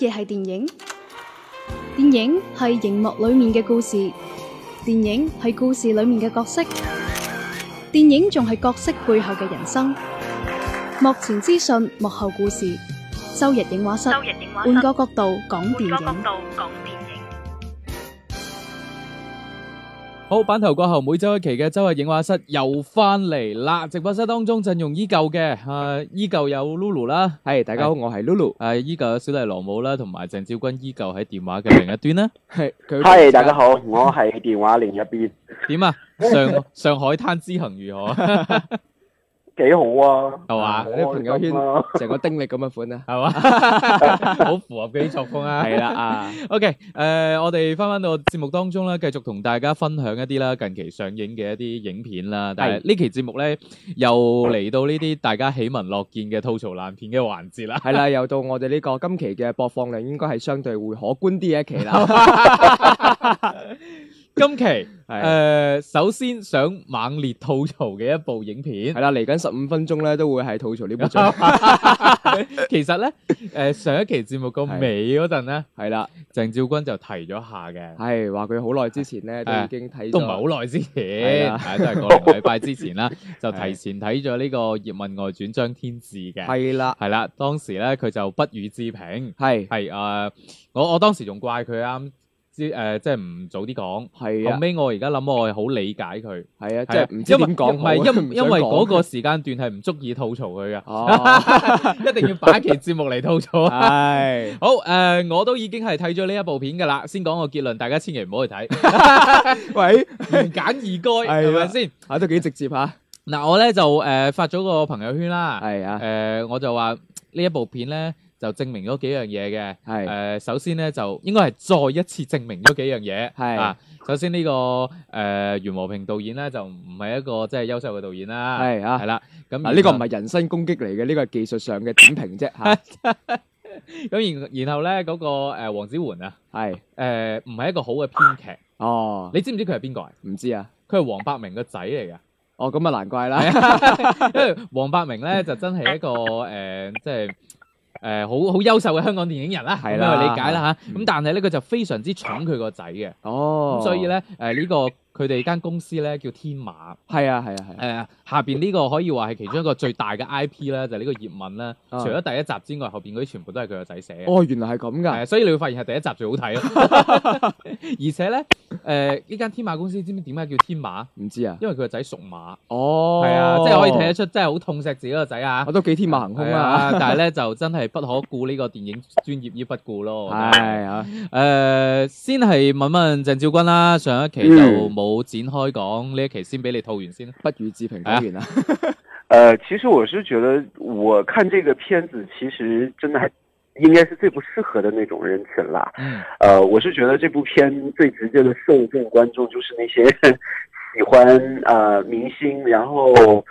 嘢係電影，電影係熒幕裏面嘅故事，電影係故事裏面嘅角色，電影仲係角色背後嘅人生。幕前資訊，幕後故事。周日映畫室，換個角度講電影。好，版頭過後每周一期嘅周日映畫室又翻嚟啦！直播室當中陣容依舊嘅、啊，依舊有 Lulu 啦。係大、啊啊、 大家好，我係 Lulu，依舊有小弟羅姆啦，同埋鄭昭君依舊喺電話嘅另一端啦。係，係大家好，我係電話另一邊。點啊？上上海灘之行如何？ 幾好啊，係嘛？啲朋友圈成個丁力咁嘅款啊，係嘛？好 符合佢啲作風啊。係 啦對了，啊 ，OK，誒、呃，我哋翻翻到節目當中啦，繼續同大家分享一啲啦近期上映嘅一啲影片啦。但係，呢期節目咧又嚟到呢啲大家喜聞樂見嘅吐槽爛片嘅環節啦。係啦，又到我哋呢個今期嘅播放量應該係相對會可觀啲嘅一期啦。今期誒、 呃，首先想猛烈吐槽嘅一部影片係啦，嚟緊十五分鐘咧都會係吐槽呢部劇。 其實咧誒、呃，上一期節目個尾嗰陣咧係啦，鄭照君就提咗下嘅，係話佢好耐之前咧都已經睇咗，都唔係好、呃、耐之前係都係個禮拜之前啦，就提前睇咗呢個《葉問外傳張天志》嘅，係啦係啦，當時咧佢就不予置評，係係誒，我我當時仲怪佢啱、啊。啲誒即係唔早啲講，後尾我而家諗我係好理解佢，係啊，即係唔知點講，唔係因因為嗰個時間段係唔足以吐槽佢嘅，一定要擺期節目嚟吐槽。係好誒，我都已經係睇咗呢一部片嘅啦，先講個結論，大家千祈唔好去睇。喂，言簡意賅係咪先？嚇都幾直接嚇。嗱，我咧就誒發咗個朋友圈啦。係啊，誒我就話呢一部片咧。就證明咗幾樣嘢嘅，呃，首先咧就應該係再一次證明咗幾樣嘢。啊，首先呢，這個，呃、袁和平導演咧就唔係一個即係優秀嘅導演啦，啊這個。啊，啦，咁呢個唔係人身攻擊嚟嘅，呢個係技術上嘅點評啫。咁然然後咧嗰，那個誒黃、呃、子桓啊，係唔係一個好嘅編劇哦。你知唔知佢係邊個啊？唔知啊，佢係黃百鳴個仔嚟嘅。哦，咁啊難怪啦， 因為黃百鳴咧就真係一個即係。呃就是誒好好優秀嘅香港電影人啦、啊，咁樣理解啦咁、啊嗯、但係咧，佢就非常之寵佢個仔嘅。哦，咁所以咧，誒、呃、呢、呢個。佢哋間公司咧叫天馬，係啊係啊係。誒、啊呃、下邊呢個可以話係其中一個最大嘅 IP 咧，就係呢個葉問啦、啊。除咗第一集之外，後邊嗰啲全部都係佢個仔寫。哦，原來係咁㗎。誒、啊，所以你會發現係第一集最好睇咯。 而且咧，誒呢間天馬公司，知唔知點解叫天馬？唔知啊，因為佢個仔屬馬。哦，係啊，即、就、係、是、可以睇得出，真係好痛錫自己個仔啊。我都幾天馬行空啊，啊但係咧就真係不可顧呢個電影專業於不顧咯。係 啊，誒、哎呃、先係問問鄭照君啦，上一期就、嗯。好，展開講呢一期，先俾你吐完先。不予置評。係啊，誒、啊 呃，其實我是覺得，我看這個片子，其實真的還應該是最不適合的那種人群啦、呃。嗯，誒，我是覺得這部片最直接的受眾觀眾就是那些喜歡誒、呃、明星，然後。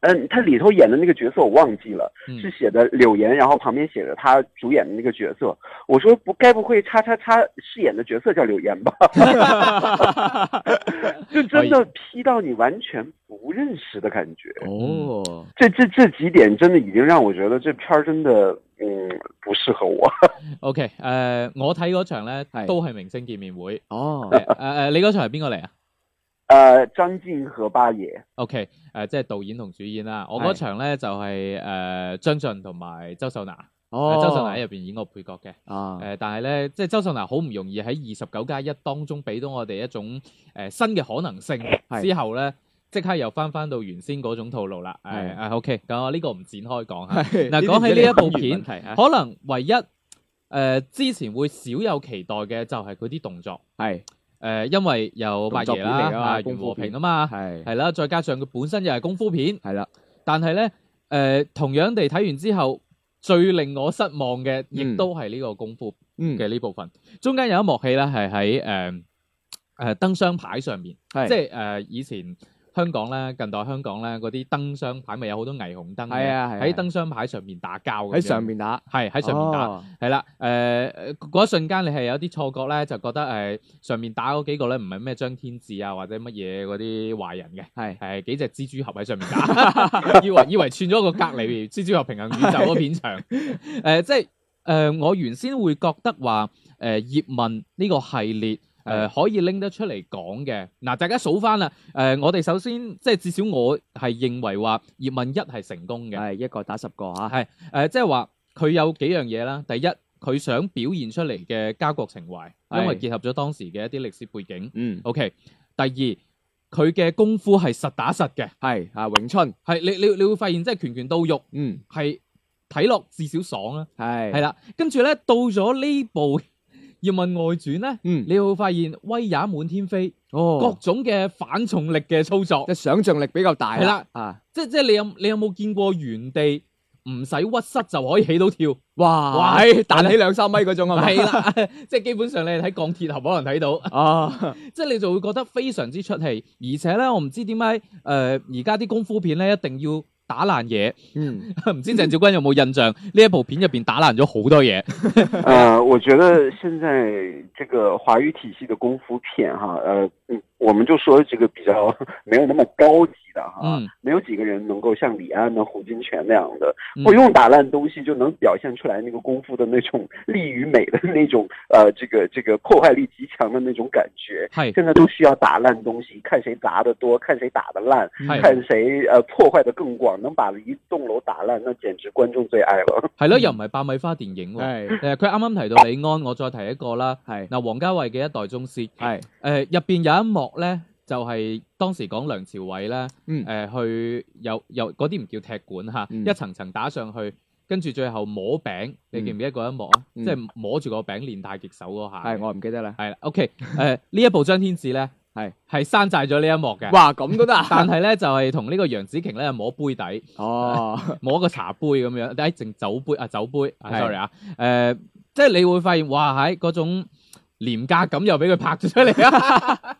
嗯，他裏頭演的那個角色我忘記了，是寫的柳岩，然後旁邊寫着他主演的那個角色。我說不該不會叉叉叉飾演的角色叫柳岩吧？ 就真的 P 到你完全不認識的感覺。哦， 這這這幾點真的已經讓我覺得這片兒真的嗯不適合我。OK，呃，我睇嗰場呢都係明星見面會哦。誒 誒、呃，你嗰場係邊個嚟啊？誒、呃，張晉和八爺，OK，誒、呃，即係導演同主演啦。我嗰場咧就係、是、誒，張晉同埋周秀娜，哦，周秀娜喺入邊演個配角嘅，啊、哦，誒、呃，但係咧，即係周秀娜好唔容易喺二十九加一當中俾到我哋一種誒、呃、新嘅可能性之後咧，即刻又翻翻到原先嗰種套路啦。係，啊、呃，OK，咁我呢個唔展開講吓。嗱，講 起呢一部片， 可能唯一誒、呃、之前會少有期待嘅就係佢啲動作係。誒，因為有八爺啦，袁和平啊嘛，係係啦，再加上佢本身又係功夫片，係啦，但係咧，誒同樣地睇完之後，最令我失望嘅，亦都係呢個功夫嘅呢部分。中間有一幕戲咧，係喺誒誒燈箱牌上面，係即係誒以前，香港咧，近代香港咧，嗰啲燈箱牌咪有好多霓虹燈喺、啊啊啊、燈箱牌上面打交喺上面打，係喺上面打，係、哦、啦。嗰、呃、一瞬間你係有啲錯覺咧，就覺得、呃、上面打嗰幾個咧，唔係咩張天志啊或者乜嘢嗰啲壞人嘅，係係幾隻蜘蛛俠喺上面打， 以為以為串咗個隔離 蜘蛛俠平行宇宙嗰片場。呃、即係、呃、我原先會覺得話誒葉問呢個系列。誒可以拎得出嚟講嘅嗱，大家數翻啦。誒，我哋首先即係至少我係認為話葉問一係成功嘅，係一個打十個嚇，係誒，即係話佢有幾樣嘢啦。第一，佢想表現出嚟嘅家國情懷，因為結合咗當時嘅一啲歷史背景。嗯，OK。第二，佢嘅功夫係實打實嘅，係啊，詠春係你你你會發現即係拳拳到肉。嗯，係睇落至少爽啦。係係啦，跟住咧到咗呢部。葉問外傳咧、嗯，你會發現威也滿天飛，哦，各種嘅反重力嘅操作，嘅想象力比較大啦、啊，啊，即係即係你有你有冇見過原地唔使屈膝就可以起到跳，哇，喂，彈起兩三米嗰種係咪？係啦， 即係基本上你喺鋼鐵俠可能睇到。啊，即係你就會覺得非常之出戲，而且咧，我唔知點解，誒、呃，而家啲功夫片咧一定要。打爛嘢，唔知鄭小君有冇印象？呢一部片入邊打爛咗好多嘢。誒，我覺得現在這個華語體系的功夫片，哈、呃，誒、嗯，我們就說這個比較沒有那麼高級的哈，嗯、沒有幾個人能夠像李安、呢胡金銓那樣的、嗯，不用打爛東西就能表現出來那個功夫的那種力與美的那種，呃，這個這個破壞力極強的那種感覺。係，現在都需要打爛東西，看誰砸得多，看誰打得爛，看誰呃破壞得更廣，能把一棟樓打爛，那簡直觀眾最愛了。係咯，又唔係爆米花電影喎、哦。係，誒佢啱啱提到李安，我再提一個啦。係，嗱，王家衛嘅一代宗師。係，誒入邊有一幕。咧就係、是、當時講梁朝偉咧，誒、嗯呃、去又又嗰啲唔叫踢館吓、嗯，一層層打上去，跟住最後摸餅，你記唔記得一幕啊、嗯？即係摸住個餅練太極手嗰下係我唔記得啦。係 OK，誒呢一部張天志咧係係山寨咗呢 了這一幕嘅。哇，咁都得啊！但係咧就係同呢個楊紫瓊咧摸杯底哦，摸一個茶杯咁樣，誒、哎、淨酒杯啊酒杯，sorry 啊，誒、呃、即係你會發現哇，喺、哎、嗰種廉價感又俾佢拍咗出嚟啊！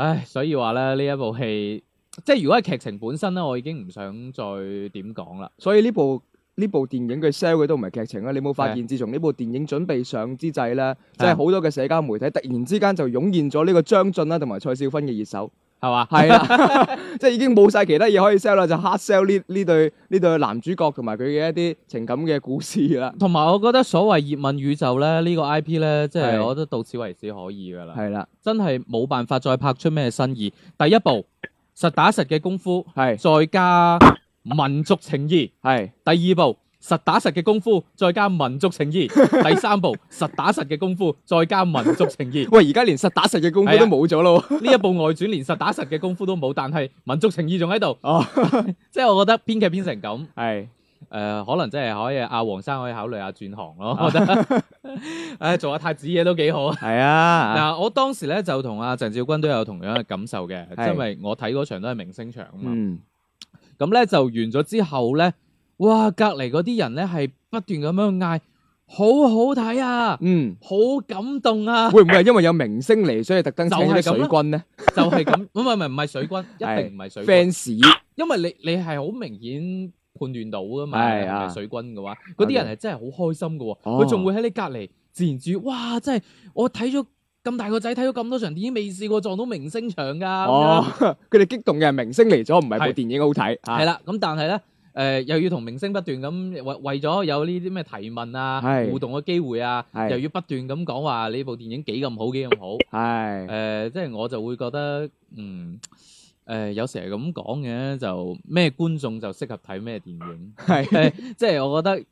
唉，所以話咧呢一部戲，即係如果係劇情本身咧，我已經唔想再點講啦。所以呢部呢部電影佢 sell 嘅都唔係劇情啦。你冇發現，自從呢部電影準備上之際咧，即係好多嘅社交媒體突然之間就湧現咗呢個張晉啦，同埋蔡少芬嘅熱搜。係嘛？係啦，即係已經冇晒其他嘢可以 sell 啦，就 hard sell 呢呢對呢對男主角同埋佢嘅一啲情感嘅故事啦。同埋我覺得所謂葉問宇宙咧呢、呢個 I P 咧，即係我覺得到此為止可以噶啦。係啦，真係冇辦法再拍出咩新意。第一部，實打實嘅功夫係，係再加民族情義係。係第二部。實打實嘅功夫，再加民族情義。 第三部實打實嘅功夫，再加民族情義。喂，而家連實打實嘅功夫、啊、都冇咗咯。呢 一部外傳連實打實嘅功夫都冇，但係民族情義仲喺度。哦， 即係我覺得編劇編成咁係誒，可能真係可以阿黃生可以考慮下轉行咯。我覺得誒， 做下太子嘢，都幾好。係係啊，嗱、 啊，我當時咧就同阿鄭兆君都有同樣嘅感受嘅，因為我睇嗰場都係明星場啊嘛。咁、嗯、咧就完咗之後咧。哇！隔籬嗰啲人咧係不斷咁樣嗌，好好睇啊！嗯，好感動啊！會唔會係因為有明星嚟，所以特登收啲水軍咧？就係咁，唔係唔係唔係水軍，一定唔係水 fans。因為你你係好明顯判斷到噶嘛？係啊，水軍嘅話，嗰啲人係真係好開心噶，佢仲會喺你隔籬自然住。哇！真係我睇咗咁大個仔，睇咗咁多場電影，未試過撞到明星場噶。哦，佢哋激動嘅係明星嚟咗，唔係部電影好睇。係啦，咁但係咧。誒、呃，又要同明星不斷咁為為咗有呢啲咩提問啊、互動嘅機會啊，又要不斷咁講話你部電影幾咁好、幾咁好。係誒、呃，即係我就會覺得，嗯，誒、呃，有時係咁講嘅，就咩觀眾就適合睇咩電影。係， 即係我覺得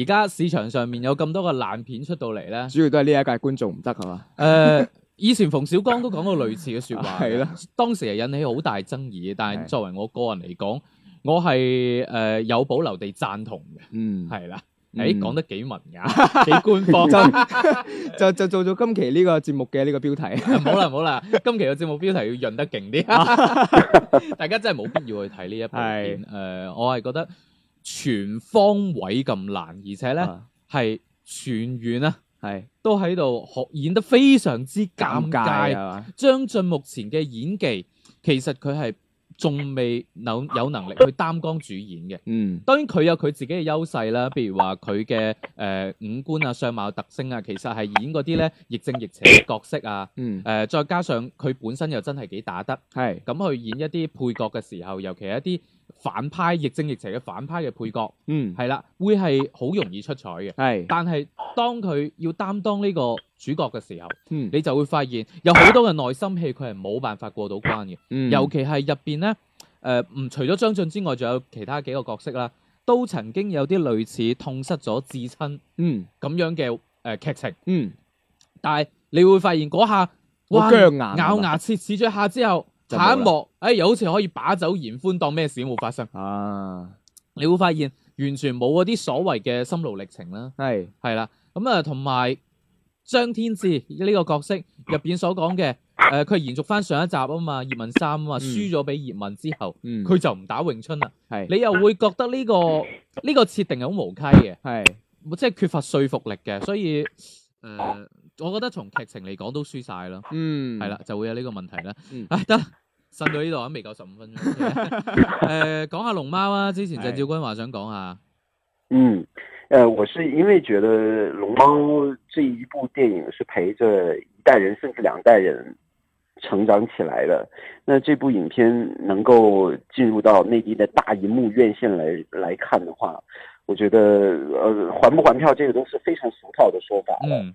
而家市場上面有咁多個爛片出到嚟咧， 主要都係呢一屆觀眾唔得係嘛。誒、呃， 以前馮小剛都講過類似嘅說話， 當時係引起好大爭議。但係作為我個人嚟講， 我係誒、呃、有保留地贊同嘅，嗯，係啦，誒、哎、講得幾文雅，幾 官方， 就就做咗今期呢個節目嘅呢個標題。好啦好啦，今期嘅節目標題要潤得勁啲， 大家真係冇必要去睇呢一部片。是呃、我係覺得全方位咁難，而且呢係、啊、全員啦，係都喺度學演得非常之尷尬。張晉目前嘅演技，其實佢係。仲未有有能力去擔綱主演嘅，嗯，當然佢有佢自己嘅優勢啦，譬如話佢嘅五官啊、相貌特徵啊，其實係演嗰啲咧亦正亦邪角色啊，嗯呃，再加上佢本身又真係幾打得，係咁去演一啲配角嘅時候，尤其係一啲，反派亦正亦邪嘅反派嘅配角，嗯，係啦，會係好容易出彩嘅，係。但係當佢要擔當呢個主角嘅時候，嗯，你就會發現有好多嘅內心戲佢係冇辦法過到關嘅，嗯。尤其係入邊咧，誒、呃，唔除咗張晉之外，仲有其他幾個角色啦，都曾經有啲類似痛失咗至親，嗯，咁樣嘅誒劇情，嗯。但係你會發現嗰下哇，我僵硬咬牙切齒咗一下之後。下一幕，哎，又好似可以把酒言歡，當咩事都冇發生。啊，你會發現完全冇嗰啲所謂嘅心路歷程啦。係，係啦。咁、嗯、啊，同埋張天志呢個角色入面所講嘅，誒、呃，佢延續翻上一集啊嘛，葉問三啊嘛，嗯、輸咗俾葉問之後，佢、嗯、就唔打詠春啦。係，你又會覺得呢、這個呢、這個設定好無稽嘅，係，即、就、係、是、缺乏說服力嘅，所以，誒、呃。我覺得從劇情嚟講都輸晒咯。嗯，係啦，就會有呢個問題咧，唉、嗯、得、哎，伸到呢度啊，未夠十五分鐘，誒、 呃，講下龍貓啊，之前鄭照君話想講一下，嗯，誒、呃，我是因為覺得龍貓這一部電影是陪着一代人甚至兩代人成長起來的，那這部影片能夠進入到內地的大熒幕院線來來看的話，我覺得，呃，還不還票，這個都是非常俗套的說法啦。嗯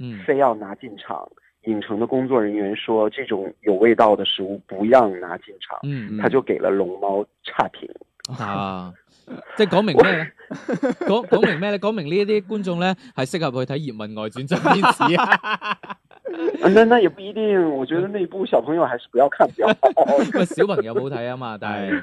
嗯，非要拿進場，影城的工作人員說這種有味道的食物不要拿進場，嗯，嗯，他就給了龍貓差評啊， 即講明咩咧？講講明咩咧？講明呢一啲觀眾咧係適合去睇 《葉問外傳：張天志》啊？那那也不一定，我覺得那部小朋友還是不要看比較好，因為小朋友唔好睇啊嘛，但係。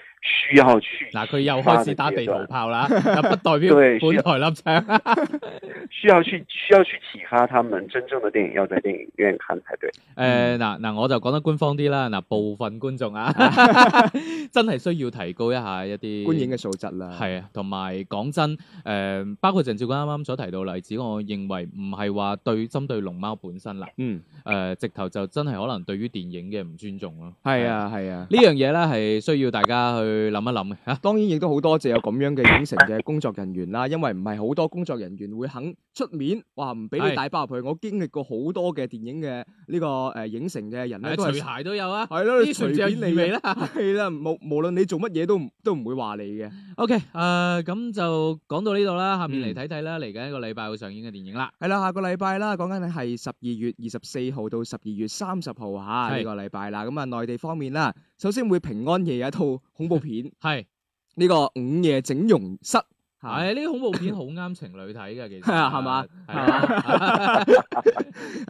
需要去嗱，佢又開始打地圖炮啦， 不代表本台立場，需要， 需要去需要去啟發他們，真正的電影要在電影院看才對。誒、嗯，嗱、呃、嗱、呃呃，我就講得官方啲啦，嗱、呃，部分觀眾啊， 真係需要提高一下一啲觀影嘅素質啦。係啊，同埋講真，誒、呃，包括鄭照君啱啱所提到例子，我認為唔係話對針對龍貓本身啦，嗯，誒、呃，直頭就真係可能對於電影嘅唔尊重咯。係啊係啊，啊啊樣呢樣嘢咧係需要大家去去諗一諗啊吓，當然亦都好多謝有咁樣嘅影城嘅工作人員啦，因為唔係好多工作人員會肯出面，話唔俾你帶包入去。我經歷過好多嘅電影嘅呢個誒影城嘅人咧，都係隨鞋都有啊，係咯，你隨便嚟，咪啦，係啦，無無論你做乜嘢都唔都唔會話你嘅。OK，誒咁就講到呢度啦，下面嚟睇睇啦，嚟緊一個禮拜會上映嘅電影啦，係啦，下個禮拜啦，講緊係十二月二十四號到十二月三十號吓，呢個禮拜啦，咁啊內地方面啦，首先會平安夜一套。恐怖片係呢個午夜整容室，係呢啲恐怖片好啱情侶睇嘅，其實係嘛？係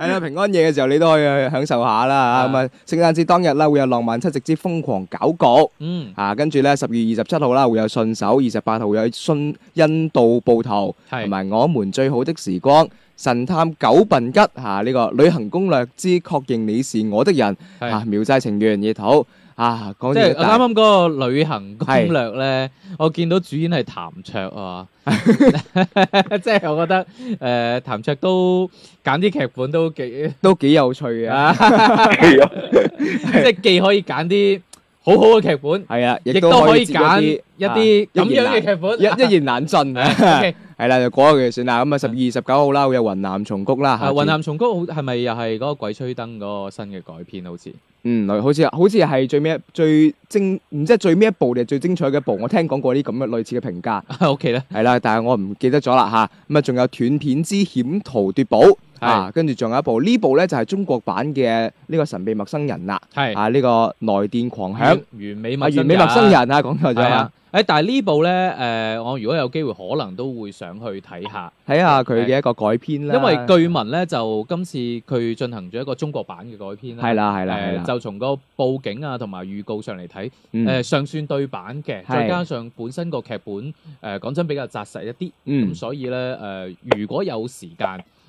啦，平安夜嘅時候你都可以去享受下啦。咁啊，聖誕節當日啦，會有浪漫七夕之瘋狂搞局，嗯，吓跟住咧十月二十七號啦，會有信手，二十八號有信印度暴徒，係同埋我們最好的時光，神探九笨吉吓呢個旅行攻略之確認你是我的人，吓苗寨情緣熱土。啊！即係啱啱嗰個旅行攻略咧，我見到主演係譚卓啊，即 係 我覺得誒、呃、譚卓都揀啲劇本都幾都幾有趣啊，即 係 既可以揀啲好好嘅劇本，係啊，亦都可以揀一啲咁、啊、樣嘅劇本，一言 一,一言難盡啊。 Okay. 係啦，那個、就講下佢算啦。咁啊，十二十九號啦，會有雲南蟲谷啦。啊，雲南蟲谷係咪又係嗰個鬼吹燈嗰個新嘅改編？好似嗯，好似好似係最尾，最精，唔知係最尾一部定係最精彩嘅一部？我聽講過啲咁嘅類似嘅評價。O K 啦，係啦，但係我唔記得咗啦吓。咁啊，仲有斷片之險途奪寶。啊，跟住仲有一部呢部呢就係中國版嘅呢個神秘陌生人啦。係啊，呢、啊這個來電狂響完美陌生完、啊、美陌生人啊，講到咗係但係呢部呢、呃，我如果有機會，可能都會想去睇下睇下佢嘅一個改編啦。呃、因為據聞呢，就今次佢進行咗一個中國版嘅改編啦。係啦、啊，係啦、啊，啦、啊啊呃。就從個報警啊，同埋預告上嚟睇，尚、嗯呃、算對版嘅。再加上本身個劇本誒，講、呃、真比較紮實一啲。咁、嗯、所以呢、呃，如果有時間。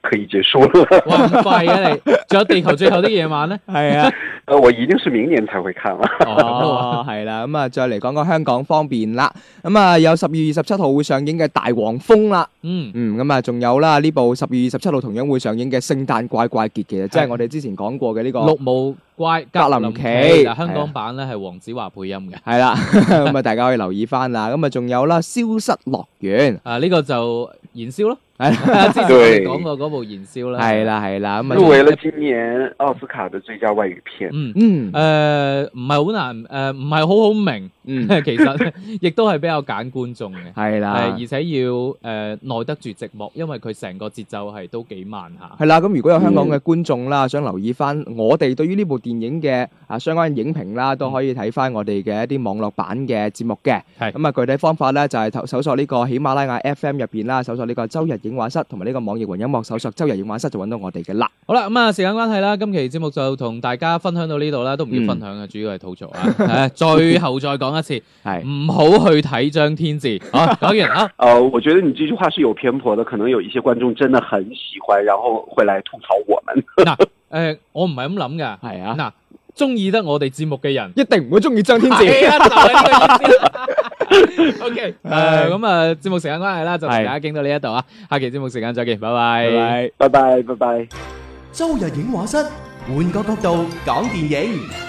可以結束了，咁快嘅你，仲有地球最後的夜晚呢？係啊，誒，我已經是明年才會看啦。哦，係啦，咁啊，再嚟講講香港方面啦，咁啊，有十二月二十七號會上映嘅大黃蜂啦，嗯嗯，咁啊，仲有啦，呢部十二月二十七號同樣會上映嘅聖誕怪怪傑，其實即係我哋之前講過嘅呢個綠毛怪格林奇，香港版咧係黃子華配音嘅，係啦，咁啊，大家可以留意翻啦，咁啊，仲有啦，消失樂園，啊，呢個就燃燒咯。係啦，之前講過嗰部燃燒啦，係啦，係啦，入圍咗今年奧斯卡嘅最佳外語片。嗯嗯，誒唔係好難，誒唔係好好明。嗯，其實亦都係比較揀觀眾嘅，係啦，而且要誒耐得住寂寞，因為佢成個節奏係都幾慢吓。係啦，咁如果有香港嘅觀眾啦，想留意翻我哋對於呢部電影嘅啊相關影評啦，都可以睇翻我哋嘅一啲網絡版嘅節目嘅。係，咁啊具體方法咧就係搜搜索呢個喜馬拉雅 FM 入邊啦，搜索呢個周日。影畫室同埋呢個網易雲音樂搜索周日影畫室就揾到我哋嘅啦。好啦，咁、嗯、啊時間關係啦，今期節目就同大家分享到呢度啦，都唔要分享嘅、嗯，主要係吐槽啦。 啊、最後再講一次，係 唔好去睇張天志。好、啊，講完啦、啊呃。我覺得你這句話是有偏頗的，可能有一些觀眾真的很喜歡，然後會來吐槽我們。嗱，誒，我唔係咁諗噶，係、呃、啊。嗱，中意得我哋節目嘅人、啊，一定唔會中意張天志。 O K，誒，咁啊，節目時間關係啦，就同大家傾到呢一度啊，下期節目時間再見，拜拜，拜拜，拜拜，周日映畫室，換個角度講電影。